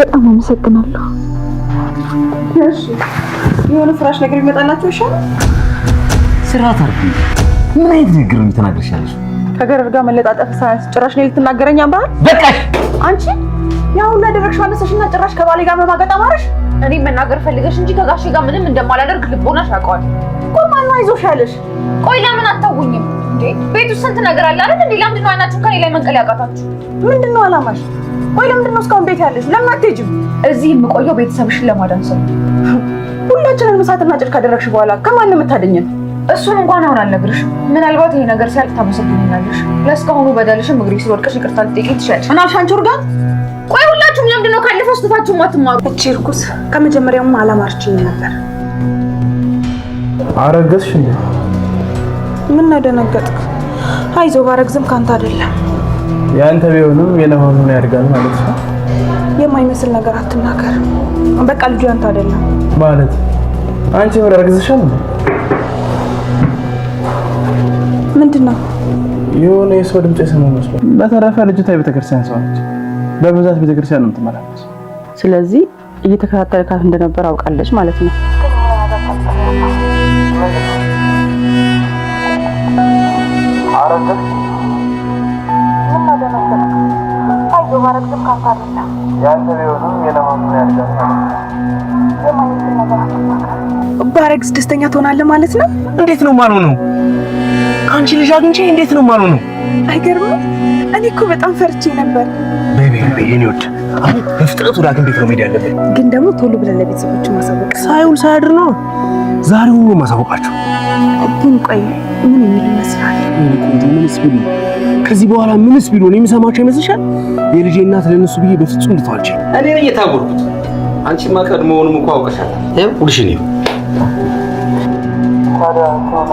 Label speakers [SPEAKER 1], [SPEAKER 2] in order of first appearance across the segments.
[SPEAKER 1] በጣም አመሰግናለሁ።
[SPEAKER 2] የሆነ ፍራሽ ነገር ይመጣላችሁ ይሻላል።
[SPEAKER 3] ስርዓት አርኩ። ምን አይነት ንግግር ነው ተናግረሻለሽ?
[SPEAKER 2] ከገረድ ጋር መለጣጠፍ ሳያንስ ጭራሽ ነው ልትናገረኝ አምባል። በቃሽ አንቺ ያው ሁሉ ያደረግሽ ማነሰሽና ጭራሽ ከባሌ ጋር መማገጥ አማረሽ።
[SPEAKER 4] እኔ መናገር ፈልገሽ እንጂ ከጋሼ ጋር ምንም እንደማላደርግ ልቦናሽ ያውቀዋል።
[SPEAKER 2] ቆይ ማን ነው አይዞሽ ያለሽ?
[SPEAKER 4] ቆይ ለምን አታውኝም ቤት ውስጥ ስንት ነገር አለ አይደል እንዴ? ለምንድን ነው አይናችሁ ከኔ ላይ መንቀል ያቃታችሁ?
[SPEAKER 2] ምንድን ነው አላማሽ? ቆይ ለምንድነው እስካሁን ቤት ያለሽ? ለምን አትሄጂም?
[SPEAKER 4] እዚህ የምቆየው ቤተሰብሽን ለማዳን ሰው።
[SPEAKER 2] ሁላችንን እሳትና ጭድ ካደረግሽ በኋላ ከማን ነው የምታደኘን?
[SPEAKER 4] እሱን እንኳን አሁን አልነግርሽም። ምናልባት ይሄ ነገር ሲያልቅ ታመሰግኝኛለሽ። ለእስካሁኑ በደልሽም እግሬ ስር ወድቀሽ ይቅርታ ልጠይቂኝ ትችያለሽ።
[SPEAKER 2] እናትሽ አንቺ እርጋት። ቆይ ሁላችሁም ነው ካለፈው ስህተታችሁ ማትማሩ?
[SPEAKER 1] እቺ እርኩስ ከመጀመሪያውም አላማርችኝ ነበር።
[SPEAKER 5] አረገዝሽ እንዴ?
[SPEAKER 1] ምን ነው ደነገጥክ? አይዞህ ባረግዝም ካንተ አይደለም
[SPEAKER 5] የአንተ ቢሆንም የናሆም ነው ያድጋል ማለት ነው።
[SPEAKER 1] የማይመስል ነገር አትናገር። በቃ ልጁ ያንተ አይደለም
[SPEAKER 5] ማለት አንቺ ወደ አርግዝሻል። ምንድን ነው የሆነ የሰው ድምጽ የሰማ መስሎ። በተረፈ ልጅቷ የቤተክርስቲያን ሰው ነች። በብዛት ቤተክርስቲያን ነው የምትመላለስ።
[SPEAKER 1] ስለዚህ እየተከታተልካት እንደነበር አውቃለች ማለት ነው። አረፈች እየመሰለህ አይዞህ ማለት ማለት ባረግዝ ደስተኛ ትሆናለህ ማለት ነው።
[SPEAKER 3] እንዴት ነው ማኑ ነው አንቺ ልጅ አግኝቼ እንዴት ነው ማኑ ነው።
[SPEAKER 1] አይገርምም? እኔ እኮ በጣም ፈርቼ ነበር
[SPEAKER 3] ቤቢ ቤቢ አሁን በፍጥነት ወደ ሐኪም ቤት ነው መሄድ ያለብን።
[SPEAKER 1] ግን ደግሞ ቶሎ ብለን ለቤተሰቦች ማሳወቅ
[SPEAKER 3] ሳይውል ሳያድር ነው ዛሬው ማሳወቃቸው።
[SPEAKER 1] ግን ቆይ ምን የሚል ይመስላል?
[SPEAKER 3] ምንስ ቢሉ ከዚህ በኋላ ምንስ ቢሉ ነው የሚሰማቸው ይመስልሻል? የልጄ እናት ለእነሱ ብዬ በፍጹም
[SPEAKER 2] እኔ አንቺማ ቀድሞውንም ይኸው
[SPEAKER 3] ታዲያ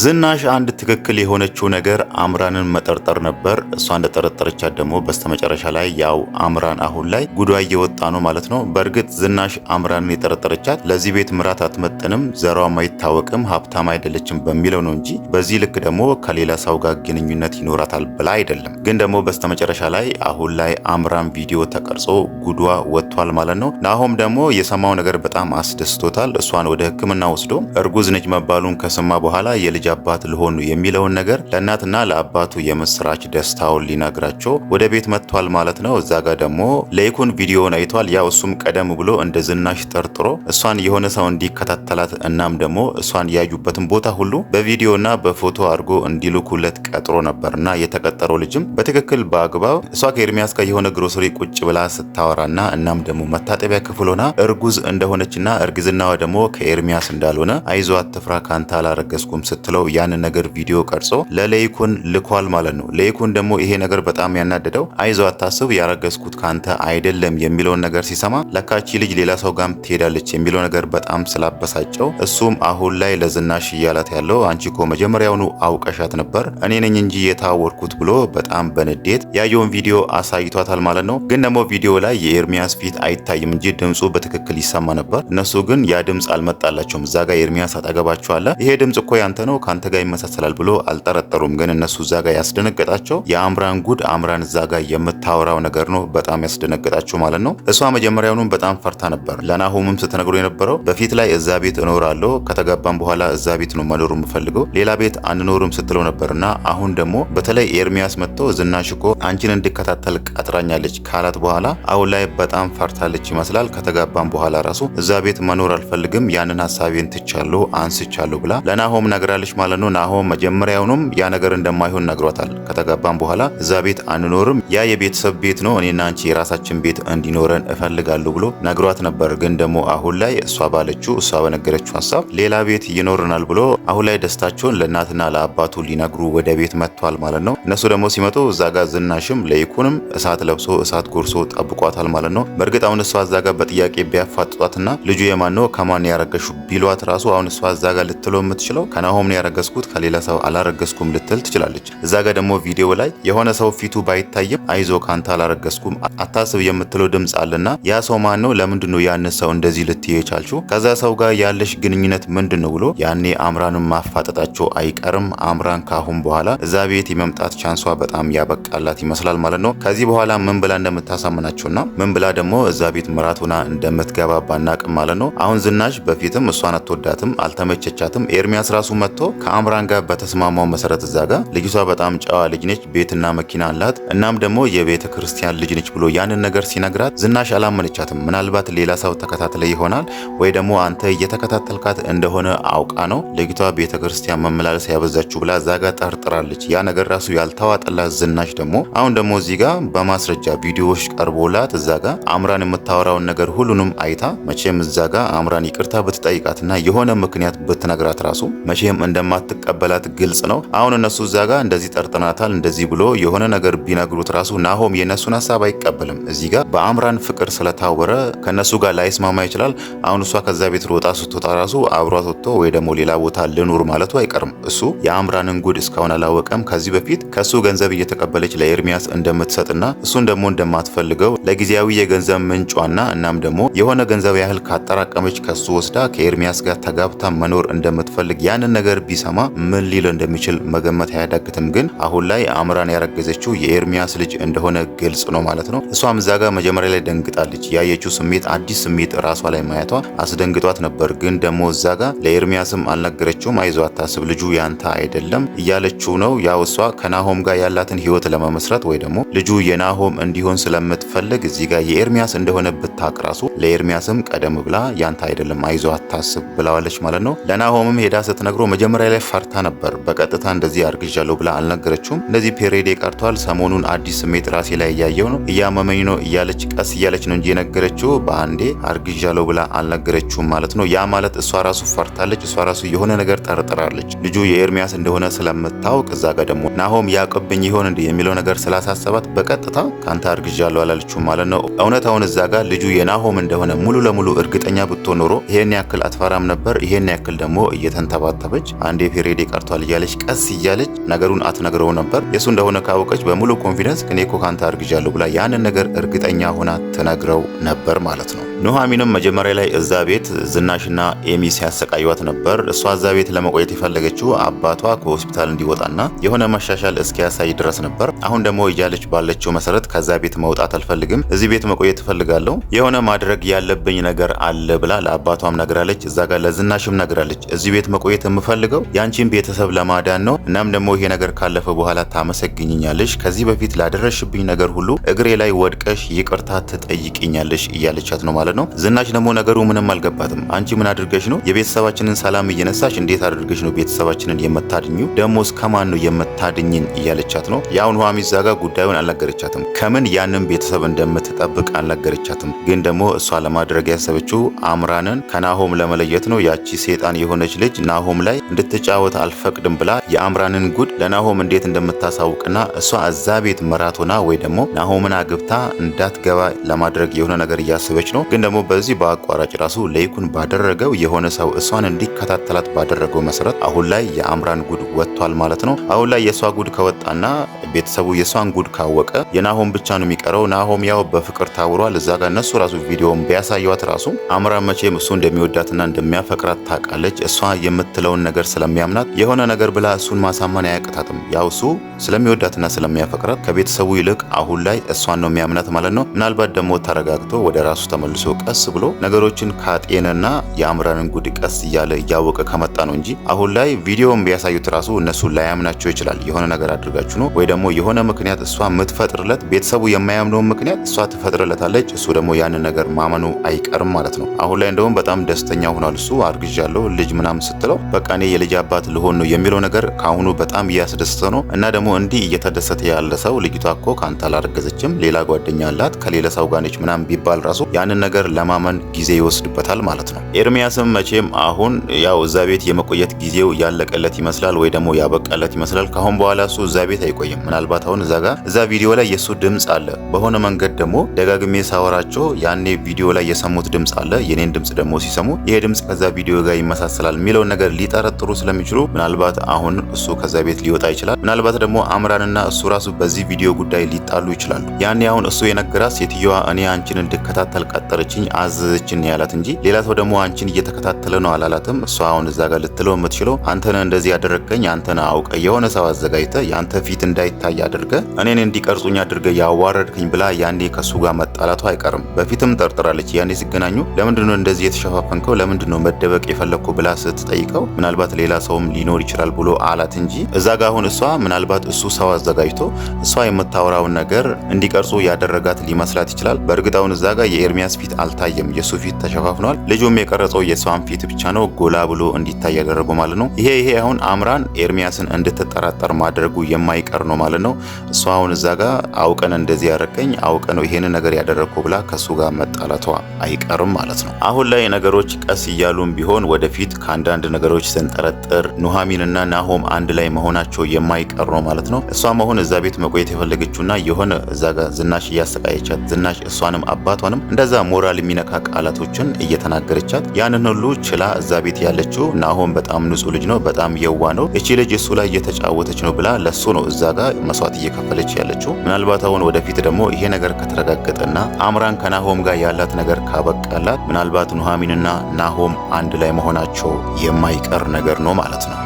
[SPEAKER 6] ዝናሽ አንድ ትክክል የሆነችው ነገር አምራንን መጠርጠር ነበር። እሷ እንደጠረጠረቻት ደግሞ በስተመጨረሻ ላይ ያው አምራን አሁን ላይ ጉዷ እየወጣ ነው ማለት ነው። በእርግጥ ዝናሽ አምራንን የጠረጠረቻት ለዚህ ቤት ምራት አትመጥንም፣ ዘሯም አይታወቅም፣ ሀብታም አይደለችም በሚለው ነው እንጂ በዚህ ልክ ደግሞ ከሌላ ሰው ጋር ግንኙነት ይኖራታል ብላ አይደለም። ግን ደግሞ በስተመጨረሻ ላይ አሁን ላይ አምራን ቪዲዮ ተቀርጾ ጉዷ ወጥቷል ማለት ነው። ናሆም ደግሞ የሰማው ነገር በጣም አስደስቶታል። እሷን ወደ ሕክምና ወስዶ እርጉዝ ነች መባሉን ከሰማ በኋላ የልጅ አባት ልሆኑ የሚለውን ነገር ለእናትና ለአባቱ የምስራች ደስታውን ሊነግራቸው ወደ ቤት መጥቷል ማለት ነው። እዛ ጋር ደግሞ ለይኩን ቪዲዮን አይቷል። ያው እሱም ቀደም ብሎ እንደ ዝናሽ ጠርጥሮ እሷን የሆነ ሰው እንዲከታተላት እናም ደግሞ እሷን ያዩበትን ቦታ ሁሉ በቪዲዮና በፎቶ አድርጎ እንዲልኩለት ቀጥሮ ነበርና የተቀጠረው ልጅም በትክክል በአግባብ እሷ ከኤርሚያስ ጋር የሆነ ግሮሰሪ ቁጭ ብላ ስታወራና እናም ደግሞ መታጠቢያ ክፍል ሆና እርጉዝ እንደሆነችና እርግዝናዋ ደግሞ ከኤርሚያስ እንዳልሆነ አይዞ አትፍራ ካንታ አላረገዝኩም ስትለው ብለው ያንን ነገር ቪዲዮ ቀርጾ ለሌይኩን ልኳል ማለት ነው። ሌይኩን ደግሞ ይሄ ነገር በጣም ያናደደው አይዞ አታስብ ያረገዝኩት ካንተ አይደለም የሚለውን ነገር ሲሰማ ለካቺ ልጅ ሌላ ሰው ጋም ትሄዳለች የሚለው ነገር በጣም ስላበሳጨው እሱም አሁን ላይ ለዝናሽ እያላት ያለው አንቺ ኮ መጀመሪያውኑ አውቀሻት ነበር እኔ ነኝ እንጂ የታወርኩት ብሎ በጣም በንዴት ያየውን ቪዲዮ አሳይቷታል ማለት ነው። ግን ደግሞ ቪዲዮ ላይ የኤርሚያስ ፊት አይታይም እንጂ ድምፁ በትክክል ይሰማ ነበር። እነሱ ግን ያ ድምፅ አልመጣላቸውም። እዛ ጋር ኤርሚያስ አጠገባቸው አለ። ይሄ ድምፅ እኮ ያንተ ነው ከአንተ ጋር ይመሳሰላል ብሎ አልጠረጠሩም። ግን እነሱ እዛ ጋር ያስደነገጣቸው የአምራን ጉድ አምራን እዛ ጋር የምታወራው ነገር ነው በጣም ያስደነገጣቸው ማለት ነው። እሷ መጀመሪያውኑም በጣም ፈርታ ነበር። ለናሆምም ስትነግሮ የነበረው በፊት ላይ እዛ ቤት እኖራለሁ ከተጋባም በኋላ እዛ ቤት ነው መኖር የምፈልገው ሌላ ቤት አንኖርም ስትለው ነበርና አሁን ደግሞ በተለይ ኤርሚያስ መጥቶ ዝናሽ እኮ አንቺን እንድከታተል ቀጥራኛለች ካላት በኋላ አሁን ላይ በጣም ፈርታለች ይመስላል። ከተጋባም በኋላ ራሱ እዛ ቤት መኖር አልፈልግም ያንን ሀሳቤን ትቻለሁ አንስቻለሁ ብላ ለናሆም ነግራለች ትሰጠዋለች ማለት ነው። ናሆም መጀመሪያውኑም ያ ነገር እንደማይሆን ነግሯታል። ከተጋባም በኋላ እዛ ቤት አንኖርም፣ ያ የቤተሰብ ቤት ነው፣ እኔና አንቺ የራሳችን ቤት እንዲኖረን እፈልጋለሁ ብሎ ነግሯት ነበር። ግን ደግሞ አሁን ላይ እሷ ባለችው እሷ በነገረችው ሀሳብ ሌላ ቤት ይኖረናል ብሎ አሁን ላይ ደስታቸውን ለእናትና ለአባቱ ሊነግሩ ወደ ቤት መጥቷል ማለት ነው። እነሱ ደግሞ ሲመጡ እዛ ጋር ዝናሽም ለይኩንም እሳት ለብሶ እሳት ጎርሶ ጠብቋታል ማለት ነው። በእርግጥ አሁን እሷ እዛ ጋር በጥያቄ ቢያፋጥጧትና ልጁ የማን ነው ከማን ያረገሹ ቢሏት ራሱ አሁን እሷ እዛ ጋር ልትለው የምትችለው ከናሆም ያረገዝኩት ከሌላ ሰው አላረገዝኩም ልትል ትችላለች። እዛ ጋ ደግሞ ቪዲዮ ላይ የሆነ ሰው ፊቱ ባይታይም አይዞ ካንተ አላረገዝኩም አታስብ የምትለው ድምፅ አለና ያ ሰው ማን ነው? ለምንድን ነው ያን ሰው እንደዚህ ልትይ የቻልችው? ከዛ ሰው ጋር ያለሽ ግንኙነት ምንድን ነው ብሎ ያኔ አምራንን ማፋጠጣቸው አይቀርም። አምራን ካሁን በኋላ እዛ ቤት የመምጣት ቻንሷ በጣም ያበቃላት ይመስላል ማለት ነው። ከዚህ በኋላ ምን ብላ እንደምታሳምናቸውና ምን ብላ ደግሞ እዛ ቤት ምራት ሆና እንደምትገባ ባናቅም ማለት ነው። አሁን ዝናሽ በፊትም እሷን አትወዳትም፣ አልተመቸቻትም። ኤርሚያስ ራሱ መጥቶ ከአምራን ጋር በተስማማው መሰረት እዛ ጋ ልጅቷ በጣም ጨዋ ልጅ ነች፣ ቤትና መኪና አላት፣ እናም ደግሞ የቤተ ክርስቲያን ልጅ ነች ብሎ ያንን ነገር ሲነግራት ዝናሽ አላመነቻትም። ምናልባት ሌላ ሰው ተከታትለ ይሆናል ወይ ደግሞ አንተ እየተከታተልካት እንደሆነ አውቃ ነው ልጅቷ ቤተ ክርስቲያን መመላለስ ያበዛችሁ ብላ እዛ ጋ ጠርጥራለች። ያ ነገር ራሱ ያልተዋጠላት ዝናሽ ደግሞ አሁን ደግሞ እዚህ ጋ በማስረጃ ቪዲዮዎች ቀርቦላት እዛ ጋ አምራን የምታወራውን ነገር ሁሉንም አይታ መቼም እዛ ጋ አምራን ይቅርታ ብትጠይቃትና የሆነ ምክንያት ብትነግራት ራሱ መቼም እንደ እንደማትቀበላት ግልጽ ነው። አሁን እነሱ እዛ ጋር እንደዚህ ጠርጥናታል እንደዚህ ብሎ የሆነ ነገር ቢነግሩት ራሱ ናሆም የእነሱን ሀሳብ አይቀበልም። እዚህ ጋር በአምራን ፍቅር ስለታወረ ከእነሱ ጋር ላይስማማ ይችላል። አሁን እሷ ከዛ ቤት ልወጣ ስትወጣ ራሱ አብሯት ወጥቶ ወይ ደግሞ ሌላ ቦታ ልኑር ማለቱ አይቀርም። እሱ የአምራንን ጉድ እስካሁን አላወቀም። ከዚህ በፊት ከእሱ ገንዘብ እየተቀበለች ለኤርሚያስ እንደምትሰጥና እሱን ደግሞ እንደማትፈልገው ለጊዜያዊ የገንዘብ ምንጯና እናም ደግሞ የሆነ ገንዘብ ያህል ካጠራቀመች ከሱ ወስዳ ከኤርሚያስ ጋር ተጋብታ መኖር እንደምትፈልግ ያንን ነገር ቢሰማ ምን ሊል እንደሚችል መገመት አያዳግትም። ግን አሁን ላይ አምራን ያረገዘችው የኤርሚያስ ልጅ እንደሆነ ግልጽ ነው ማለት ነው። እሷም እዛ ጋር መጀመሪያ ላይ ደንግጣለች። ያየችው ስሜት አዲስ ስሜት ራሷ ላይ ማየቷ አስደንግጧት ነበር። ግን ደግሞ እዛ ጋር ለኤርሚያስም አልነገረችውም። አይዞ አታስብ፣ ልጁ ያንተ አይደለም እያለችው ነው። ያው እሷ ከናሆም ጋር ያላትን ህይወት ለመመስረት ወይ ደግሞ ልጁ የናሆም እንዲሆን ስለምትፈልግ እዚህ ጋር የኤርሚያስ እንደሆነ ብታቅ ራሱ ለኤርሚያስም ቀደም ብላ ያንተ አይደለም አይዞ አታስብ ብለዋለች ማለት ነው። ለናሆምም ሄዳ ስትነግሮ መጀመሪያ መጀመሪያ ላይ ፈርታ ነበር። በቀጥታ እንደዚህ አርግዣለሁ ብላ አልነገረችውም። እንደዚህ ፔሬዴ ቀርቷል፣ ሰሞኑን አዲስ ስሜት ራሴ ላይ እያየው ነው፣ እያመመኝ ነው እያለች ቀስ እያለች ነው እንጂ የነገረችው በአንዴ አርግዣለሁ ብላ አልነገረችውም ማለት ነው። ያ ማለት እሷ ራሱ ፈርታለች፣ እሷ ራሱ የሆነ ነገር ጠርጥራለች። ልጁ የኤርሚያስ እንደሆነ ስለምታውቅ እዛ ጋር ደግሞ ናሆም ያቅብኝ ይሆን እንዲ የሚለው ነገር ስላሳሰባት በቀጥታ ከአንተ አርግዣለሁ አላለችውም ማለት ነው። እውነታውን እዛ ጋር ልጁ የናሆም እንደሆነ ሙሉ ለሙሉ እርግጠኛ ብትሆን ኖሮ ይሄን ያክል አትፈራም ነበር። ይሄን ያክል ደግሞ እየተንተባተበች አንዴ ፔሬዴ ቀርቷል እያለች ቀስ እያለች ነገሩን አትነግረው ነበር። የእሱ እንደሆነ ካወቀች በሙሉ ኮንፊደንስ እኔ እኮ ካንተ አርግዣለሁ ብላ ያንን ነገር እርግጠኛ ሆና ትነግረው ነበር ማለት ነው። ኑሐሚንም መጀመሪያ ላይ እዛ ቤት ዝናሽና ኤሚ ሲያሰቃዩት ነበር። እሷ እዛ ቤት ለመቆየት የፈለገችው አባቷ ከሆስፒታል እንዲወጣና የሆነ መሻሻል እስኪያሳይ ድረስ ነበር። አሁን ደግሞ እያለች ባለችው መሰረት ከዛ ቤት መውጣት አልፈልግም፣ እዚህ ቤት መቆየት እፈልጋለሁ፣ የሆነ ማድረግ ያለብኝ ነገር አለ ብላ ለአባቷም ነግራለች። እዛ ጋር ለዝናሽም ነግራለች። እዚህ ቤት መቆየት የምፈልገው የምፈልገው የአንቺን ቤተሰብ ለማዳን ነው። እናም ደግሞ ይሄ ነገር ካለፈ በኋላ ታመሰግኝኛለሽ። ከዚህ በፊት ላደረሽብኝ ነገር ሁሉ እግሬ ላይ ወድቀሽ ይቅርታ ትጠይቅኛለሽ እያለቻት ነው ማለት ነው። ዝናሽ ደግሞ ነገሩ ምንም አልገባትም። አንቺ ምን አድርገሽ ነው የቤተሰባችንን ሰላም እየነሳሽ? እንዴት አድርገሽ ነው ቤተሰባችንን የምታድኙ? ደግሞ እስከማን ነው የምታድኝን? እያለቻት ነው። የአሁን ውሃ ሚዛጋ ጉዳዩን አልነገረቻትም። ከምን ያንን ቤተሰብ እንደምትጠብቅ አልነገረቻትም። ግን ደግሞ እሷ ለማድረግ ያሰበችው አምራንን ከናሆም ለመለየት ነው። ያቺ ሴጣን የሆነች ልጅ ናሆም ላይ እንድትጫወት አልፈቅድም ብላ የአምራንን ጉድ ለናሆም እንዴት እንደምታሳውቅና እሷ እዛ ቤት መራቶና ወይ ደግሞ ናሆምን አግብታ እንዳትገባ ለማድረግ የሆነ ነገር እያሰበች ነው። ግን ደግሞ በዚህ በአቋራጭ ራሱ ለይኩን ባደረገው የሆነ ሰው እሷን እንዲከታተላት ባደረገው መሰረት አሁን ላይ የአምራን ጉድ ወጥቷል ማለት ነው። አሁን ላይ የእሷ ጉድ ከወጣ ይመጣና ቤተሰቡ የሷን ጉድ ካወቀ የናሆም ብቻ ነው የሚቀረው። ናሆም ያው በፍቅር ታውሯል እዛ ጋር እነሱ ራሱ ቪዲዮም ቢያሳዩት ራሱ አምራ መቼም እሱ እንደሚወዳትና እንደሚያፈቅራት ታውቃለች። እሷ የምትለውን ነገር ስለሚያምናት የሆነ ነገር ብላ እሱን ማሳመን አያቅታትም። ያው እሱ ስለሚወዳትና ስለሚያፈቅራት ከቤተሰቡ ይልቅ አሁን ላይ እሷን ነው የሚያምናት ማለት ነው። ምናልባት ደግሞ ተረጋግቶ ወደ ራሱ ተመልሶ ቀስ ብሎ ነገሮችን ካጤንና የአምራንን ጉድ ቀስ እያለ እያወቀ ከመጣ ነው እንጂ አሁን ላይ ቪዲዮም ቢያሳዩት ራሱ እነሱ ላያምናቸው ይችላል የሆነ ነገር አድርገ እያደረጋችሁ ነው። ወይ ደግሞ የሆነ ምክንያት እሷ የምትፈጥርለት ቤተሰቡ የማያምነውን ምክንያት እሷ ትፈጥርለታለች። እሱ ደግሞ ያንን ነገር ማመኑ አይቀርም ማለት ነው። አሁን ላይ እንደውም በጣም ደስተኛ ሆኗል። እሱ አርግዣለሁ ልጅ ምናምን ስትለው በቃ እኔ የልጅ አባት ልሆን ነው የሚለው ነገር ከአሁኑ በጣም እያስደሰተ ነው። እና ደግሞ እንዲህ እየተደሰተ ያለ ሰው ልጅቷ እኮ ከአንተ አላረገዘችም ሌላ ጓደኛ አላት ከሌላ ሰው ጋር ነች ምናምን ቢባል ራሱ ያንን ነገር ለማመን ጊዜ ይወስድበታል ማለት ነው። ኤርሚያስም መቼም አሁን ያው እዛ ቤት የመቆየት ጊዜው ያለቀለት ይመስላል፣ ወይ ደግሞ ያበቃለት ይመስላል። ከአሁን በኋላ እሱ እዛ ቤት አይቆይም። ምናልባት አሁን እዛ ጋር እዛ ቪዲዮ ላይ የእሱ ድምፅ አለ። በሆነ መንገድ ደግሞ ደጋግሜ ሳወራቸው ያኔ ቪዲዮ ላይ የሰሙት ድምፅ አለ። የኔን ድምፅ ደግሞ ሲሰሙ ይሄ ድምፅ ከዛ ቪዲዮ ጋር ይመሳሰላል የሚለውን ነገር ሊጠረጥሩ ስለሚችሉ ምናልባት አሁን እሱ ከዛ ቤት ሊወጣ ይችላል። ምናልባት ደግሞ አምራንና እሱ ራሱ በዚህ ቪዲዮ ጉዳይ ሊጣሉ ይችላሉ። ያኔ አሁን እሱ የነገራት ሴትዮዋ እኔ አንቺን እንድከታተል ቀጠረችኝ አዘዘችን ያላት እንጂ ሌላ ሰው ደግሞ አንቺን እየተከታተለ ነው አላላትም። እሷ አሁን እዛ ጋር ልትለው የምትችለው አንተነ እንደዚህ ያደረግከኝ አንተነ አውቀ የሆነ ሰው አዘጋጅተ የአንተ ከፊት እንዳይታይ አድርገ እኔን እንዲቀርጹኝ አድርገ ያዋረድክኝ ብላ ያኔ ከሱ ጋር መጣላቱ አይቀርም። በፊትም ጠርጥራለች። ያኔ ሲገናኙ ለምንድነው እንደዚህ የተሸፋፈንከው? ለምንድነው መደበቅ የፈለግከው? ብላ ስትጠይቀው ምናልባት ሌላ ሰውም ሊኖር ይችላል ብሎ አላት እንጂ እዛ ጋ አሁን እሷ ምናልባት እሱ ሰው አዘጋጅቶ እሷ የምታወራውን ነገር እንዲቀርጹ ያደረጋት ሊመስላት ይችላል። በእርግጥ አሁን እዛ ጋ የኤርሚያስ ፊት አልታየም። የእሱ ፊት ተሸፋፍኗል። ልጁም የቀረጸው የሷን ፊት ብቻ ነው ጎላ ብሎ እንዲታይ ያደረገው ማለት ነው። ይሄ ይሄ አሁን አምራን ኤርሚያስን እንድትጠራጠር ማድረጉ የማ የማይቀር ነው ማለት ነው። እሷ አሁን እዛ ጋር አውቀን እንደዚህ ያረከኝ አውቀ ነው ይሄንን ነገር ያደረግኩ ብላ ከሱ ጋር መጣላቷ አይቀርም ማለት ነው። አሁን ላይ ነገሮች ቀስ እያሉም ቢሆን ወደፊት ከአንዳንድ ነገሮች ስንጠረጥር ኑሐሚንና ናሆም አንድ ላይ መሆናቸው የማይቀር ነው ማለት ነው። እሷ መሆን እዛ ቤት መቆየት የፈለገችውና የሆነ እዛ ጋር ዝናሽ እያሰቃየቻት ዝናሽ እሷንም አባቷንም እንደዛ ሞራል የሚነካ ቃላቶችን እየተናገረቻት ያንን ሁሉ ችላ እዛ ቤት ያለችው ናሆም በጣም ንጹህ ልጅ ነው፣ በጣም የዋ ነው፣ እቺ ልጅ እሱ ላይ እየተጫወተች ነው ብላ ለሱ ነው እዛ ጋር መስዋዕት እየከፈለች ያለችው። ምናልባት አሁን ወደፊት ደግሞ ይሄ ነገር ከተረጋገጠና አምራን ከናሆም ጋር ያላት ነገር ካበቃላት ምናልባት ኑሐሚንና ናሆም አንድ ላይ መሆናቸው የማይቀር ነገር ነው ማለት ነው።